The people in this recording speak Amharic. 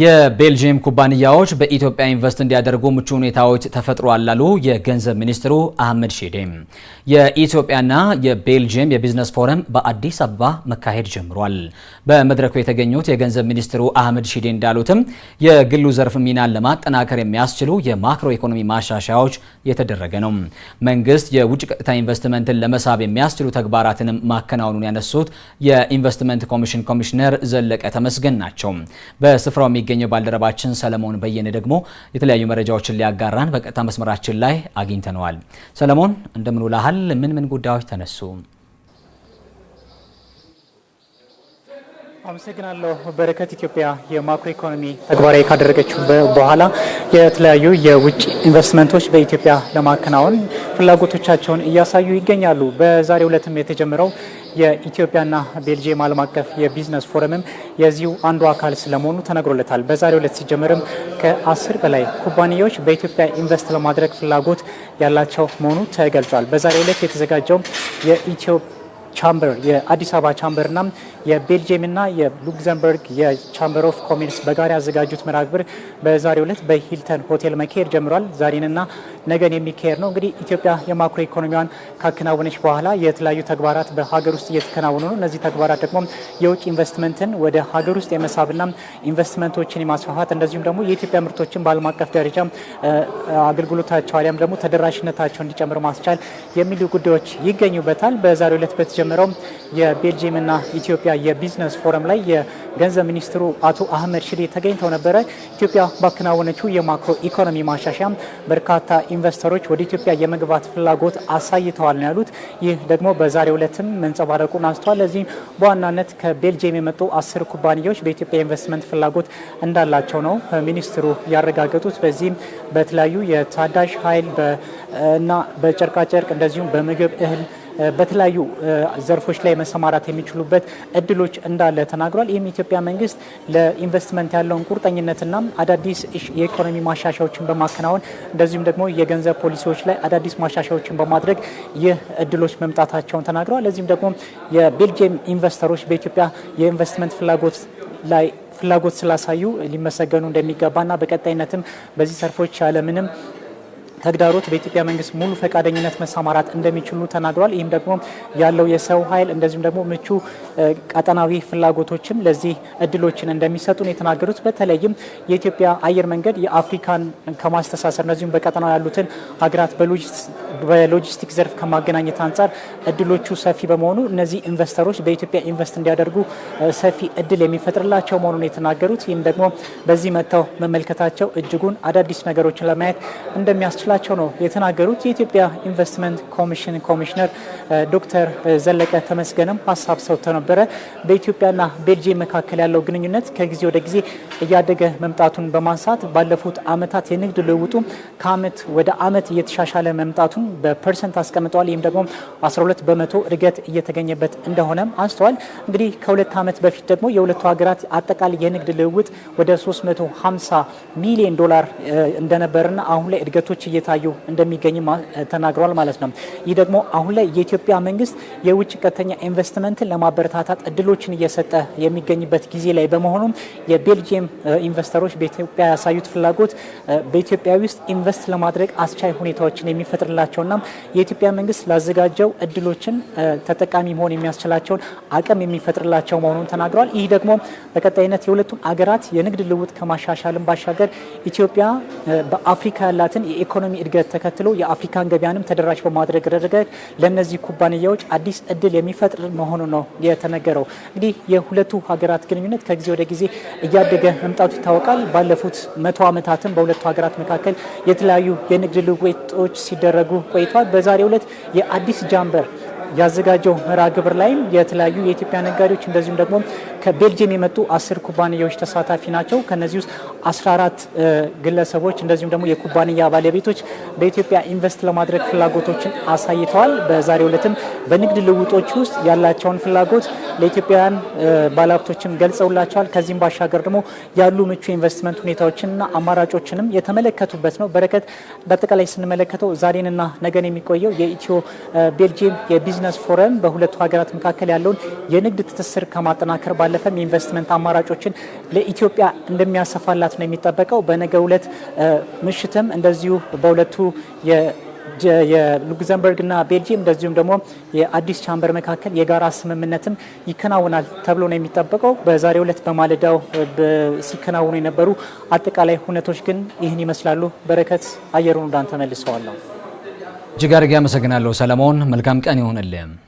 የቤልጅየም ኩባንያዎች በኢትዮጵያ ኢንቨስት እንዲያደርጉ ምቹ ሁኔታዎች ተፈጥሯል ላሉ የገንዘብ ሚኒስትሩ አህመድ ሼዴ የኢትዮጵያና የቤልጅየም የቢዝነስ ፎረም በአዲስ አበባ መካሄድ ጀምሯል። በመድረኩ የተገኙት የገንዘብ ሚኒስትሩ አህመድ ሺዴ እንዳሉትም የግሉ ዘርፍ ሚናን ለማጠናከር የሚያስችሉ የማክሮ ኢኮኖሚ ማሻሻያዎች የተደረገ ነው። መንግስት የውጭ ቀጥታ ኢንቨስትመንትን ለመሳብ የሚያስችሉ ተግባራትንም ማከናወኑን ያነሱት የኢንቨስትመንት ኮሚሽን ኮሚሽነር ዘለቀ ተመስገን ናቸው። በስፍራው የሚገኘው ባልደረባችን ሰለሞን በየነ ደግሞ የተለያዩ መረጃዎችን ሊያጋራን በቀጥታ መስመራችን ላይ አግኝተነዋል። ሰለሞን እንደምን ውለሃል? ምን ምን ጉዳዮች ተነሱ? አመሰግናለሁ በረከት። ኢትዮጵያ የማክሮ ኢኮኖሚ ተግባራዊ ካደረገችው በኋላ የተለያዩ የውጭ ኢንቨስትመንቶች በኢትዮጵያ ለማከናወን ፍላጎቶቻቸውን እያሳዩ ይገኛሉ። በዛሬው ዕለትም የተጀመረው የኢትዮጵያና ቤልጅየም ዓለም አቀፍ የቢዝነስ ፎረምም የዚሁ አንዱ አካል ስለመሆኑ ተነግሮለታል። በዛሬው ዕለት ሲጀመርም ከአስር በላይ ኩባንያዎች በኢትዮጵያ ኢንቨስት ለማድረግ ፍላጎት ያላቸው መሆኑ ተገልጿል። በዛሬው ዕለት የተዘጋጀው የኢትዮ ቻምበር የአዲስ አበባ ቻምበርና የቤልጅየምና የሉክዘምበርግ የቻምበር ኦፍ ኮሜርስ በጋራ ያዘጋጁት መራግብር በዛሬ በዛሬው ዕለት በሂልተን ሆቴል መካሄድ ጀምሯል። ዛሬንና ነገን የሚካሄድ ነው። እንግዲህ ኢትዮጵያ የማክሮ ኢኮኖሚዋን ካከናወነች በኋላ የተለያዩ ተግባራት በሀገር ውስጥ እየተከናወኑ ነው። እነዚህ ተግባራት ደግሞ የውጭ ኢንቨስትመንትን ወደ ሀገር ውስጥ የመሳብና ኢንቨስትመንቶችን የማስፋፋት እንደዚሁም ደግሞ የኢትዮጵያ ምርቶችን በዓለም አቀፍ ደረጃ አገልግሎታቸው አሊያም ደግሞ ተደራሽነታቸው እንዲጨምር ማስቻል የሚሉ ጉዳዮች ይገኙበታል። በዛሬው ዕለት የተጀመረው የቤልጅየምና ኢትዮጵያ የቢዝነስ ፎረም ላይ የገንዘብ ሚኒስትሩ አቶ አህመድ ሽዴ ተገኝተው ነበረ። ኢትዮጵያ ባከናወነችው የማክሮ ኢኮኖሚ ማሻሻያ በርካታ ኢንቨስተሮች ወደ ኢትዮጵያ የመግባት ፍላጎት አሳይተዋል ነው ያሉት። ይህ ደግሞ በዛሬው ዕለትም መንጸባረቁን አንስተዋል። ለዚህም በዋናነት ከቤልጅየም የመጡ አስር ኩባንያዎች በኢትዮጵያ ኢንቨስትመንት ፍላጎት እንዳላቸው ነው ሚኒስትሩ ያረጋገጡት። በዚህም በተለያዩ የታዳሽ ኃይል እና በጨርቃጨርቅ እንደዚሁም በምግብ እህል በተለያዩ ዘርፎች ላይ መሰማራት የሚችሉበት እድሎች እንዳለ ተናግሯል። ይህም የኢትዮጵያ መንግስት ለኢንቨስትመንት ያለውን ቁርጠኝነትና አዳዲስ የኢኮኖሚ ማሻሻዎችን በማከናወን እንደዚሁም ደግሞ የገንዘብ ፖሊሲዎች ላይ አዳዲስ ማሻሻዎችን በማድረግ ይህ እድሎች መምጣታቸውን ተናግረዋል። ለዚህም ደግሞ የቤልጅየም ኢንቨስተሮች በኢትዮጵያ የኢንቨስትመንት ፍላጎት ላይ ፍላጎት ስላሳዩ ሊመሰገኑ እንደሚገባና በቀጣይነትም በዚህ ዘርፎች ያለምንም ተግዳሮት በኢትዮጵያ መንግስት ሙሉ ፈቃደኝነት መሰማራት እንደሚችሉ ተናግሯል። ይህም ደግሞ ያለው የሰው ኃይል እንደዚሁም ደግሞ ምቹ ቀጠናዊ ፍላጎቶችም ለዚህ እድሎችን እንደሚሰጡ ነው የተናገሩት። በተለይም የኢትዮጵያ አየር መንገድ የአፍሪካን ከማስተሳሰር እንደዚሁም በቀጠናው ያሉትን ሀገራት በሎጂስቲክ ዘርፍ ከማገናኘት አንጻር እድሎቹ ሰፊ በመሆኑ እነዚህ ኢንቨስተሮች በኢትዮጵያ ኢንቨስት እንዲያደርጉ ሰፊ እድል የሚፈጥርላቸው መሆኑን የተናገሩት ይህም ደግሞ በዚህ መጥተው መመልከታቸው እጅጉን አዳዲስ ነገሮችን ለማየት እንደሚያስችላል እንደሚመስላቸው ነው የተናገሩት። የኢትዮጵያ ኢንቨስትመንት ኮሚሽን ኮሚሽነር ዶክተር ዘለቀ ተመስገንም ሀሳብ ሰጥተው ነበረ። በኢትዮጵያና ቤልጅየም መካከል ያለው ግንኙነት ከጊዜ ወደ ጊዜ እያደገ መምጣቱን በማንሳት ባለፉት አመታት የንግድ ልውውጡ ከአመት ወደ አመት እየተሻሻለ መምጣቱን በፐርሰንት አስቀምጠዋል። ይህም ደግሞ 12 በመቶ እድገት እየተገኘበት እንደሆነም አንስተዋል። እንግዲህ ከሁለት ዓመት በፊት ደግሞ የሁለቱ ሀገራት አጠቃላይ የንግድ ልውውጥ ወደ 350 ሚሊዮን ዶላር እንደነበርና አሁን ላይ እድገቶች እየታዩ እንደሚገኝ ተናግሯል ማለት ነው። ይህ ደግሞ አሁን ላይ የኢትዮጵያ መንግስት የውጭ ቀጥተኛ ኢንቨስትመንትን ለማበረታታት እድሎችን እየሰጠ የሚገኝበት ጊዜ ላይ በመሆኑም የቤልጅየም ኢንቨስተሮች በኢትዮጵያ ያሳዩት ፍላጎት በኢትዮጵያ ውስጥ ኢንቨስት ለማድረግ አስቻይ ሁኔታዎችን የሚፈጥርላቸውና የኢትዮጵያ መንግስት ላዘጋጀው እድሎችን ተጠቃሚ መሆን የሚያስችላቸውን አቅም የሚፈጥርላቸው መሆኑን ተናግሯል። ይህ ደግሞ በቀጣይነት የሁለቱም አገራት የንግድ ልውጥ ከማሻሻልም ባሻገር ኢትዮጵያ በአፍሪካ ያላትን የኢኮኖሚ የኢኮኖሚ እድገት ተከትሎ የአፍሪካን ገበያንም ተደራሽ በማድረግ ረገድ ለእነዚህ ኩባንያዎች አዲስ እድል የሚፈጥር መሆኑ ነው የተነገረው። እንግዲህ የሁለቱ ሀገራት ግንኙነት ከጊዜ ወደ ጊዜ እያደገ መምጣቱ ይታወቃል። ባለፉት መቶ ዓመታትም በሁለቱ ሀገራት መካከል የተለያዩ የንግድ ልውውጦች ሲደረጉ ቆይቷል። በዛሬው ዕለት የአዲስ ጃምበር ያዘጋጀው መርሃ ግብር ላይም የተለያዩ የኢትዮጵያ ነጋዴዎች እንደዚሁም ደግሞ ከቤልጅየም የመጡ አስር ኩባንያዎች ተሳታፊ ናቸው። ከነዚህ ውስጥ 14 ግለሰቦች እንደዚሁም ደግሞ የኩባንያ ባለቤቶች በኢትዮጵያ ኢንቨስት ለማድረግ ፍላጎቶችን አሳይተዋል። በዛሬው ዕለትም በንግድ ልውጦች ውስጥ ያላቸውን ፍላጎት ለኢትዮጵያውያን ባለሀብቶችም ገልጸውላቸዋል። ከዚህም ባሻገር ደግሞ ያሉ ምቹ ኢንቨስትመንት ሁኔታዎችንና አማራጮችንም የተመለከቱበት ነው። በረከት፣ በአጠቃላይ ስንመለከተው ዛሬንና ነገን የሚቆየው የኢትዮ ቤልጅየም የቢዝነስ ፎረም በሁለቱ ሀገራት መካከል ያለውን የንግድ ትስስር ከማጠናከር ባለ ባለፈም የኢንቨስትመንት አማራጮችን ለኢትዮጵያ እንደሚያሰፋላት ነው የሚጠበቀው። በነገው ዕለት ምሽትም እንደዚሁ በሁለቱ የሉክዘምበርግና ቤልጂም እንደዚሁም ደግሞ የአዲስ ቻምበር መካከል የጋራ ስምምነትም ይከናወናል ተብሎ ነው የሚጠበቀው። በዛሬው ዕለት በማለዳው ሲከናወኑ የነበሩ አጠቃላይ ሁነቶች ግን ይህን ይመስላሉ። በረከት አየሩን ወዳንተ መልሰዋለሁ። እጅግ አድርጌ አመሰግናለሁ ሰለሞን። መልካም ቀን ይሆንልህ።